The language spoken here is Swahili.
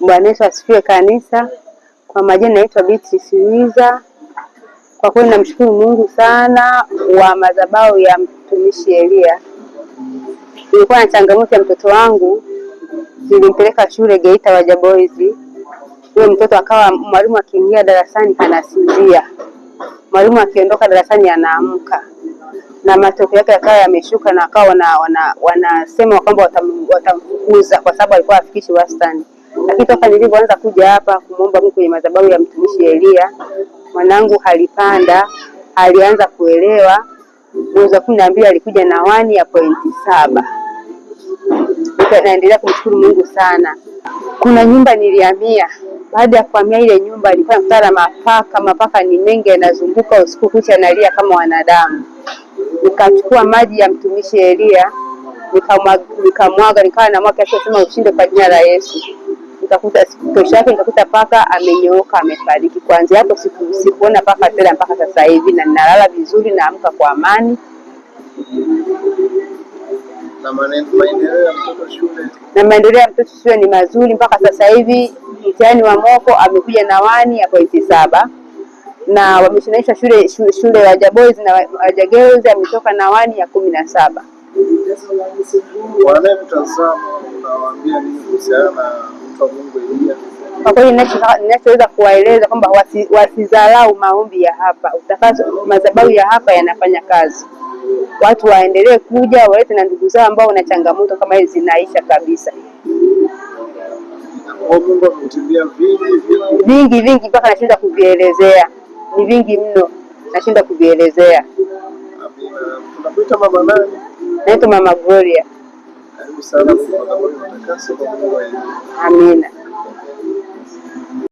Bwana Yesu asifiwe kanisa. Kwa majina naitwa Beatrice Wiza. Kwa kweli namshukuru Mungu sana wa madhabahu ya mtumishi Elia. Nilikuwa na changamoto ya mtoto wangu, nilimpeleka shule Geita Waja Boys. Huyo mtoto akawa, mwalimu akiingia darasani anasinzia, mwalimu akiondoka darasani anaamka, na matokeo yake akawa yameshuka, na akawa wanasema wana, wana kwamba watamfukuza kwa sababu alikuwa afikishi wastani lakini toka nilivyoanza kuja hapa kumwomba Mungu kwenye madhabahu ya mtumishi Elia, mwanangu halipanda, alianza kuelewa. Mwezi wa kumi na mbili alikuja na wani ya pointi saba. Naendelea kumshukuru Mungu sana. Kuna nyumba nilihamia. Baada ya kuhamia ile nyumba, nilikuwa nakutana na mapaka. Mapaka ni mengi, yanazunguka usiku kucha, nalia kama wanadamu. Nikachukua maji ya mtumishi Elia nikamwaga, nikamwaga nikawa namwaka, akisema ushinde kwa jina la Yesu nikakuta kesho yake nikakuta paka amenyooka amefariki. Kuanzia hapo siku sikuona paka tena mpaka sasa hivi, na ninalala vizuri, naamka kwa amani na maendeleo ya mtoto shule ni mazuri mpaka sasa hivi. Mtihani wa moko amekuja na wani ya pointi saba na wameshinaisha shule shule ya Waja Boys na Waja Girls ametoka na wani ya kumi na saba. Wanayekutazama unawaambia nini kuhusiana na kwa kweli ninachoweza kuwaeleza kwamba wasidharau maombi ya hapa utakaso, madhabahu ya hapa yanafanya kazi. Watu waendelee kuja, walete na ndugu zao ambao wana changamoto kama hizi, zinaisha kabisa vingi vingi, mpaka nashinda kuvielezea, ni vingi mno, nashinda kuvielezea. Naitwa Mama Gloria. أهلا وسهلا المسالمة والتكاسل والوعي آمين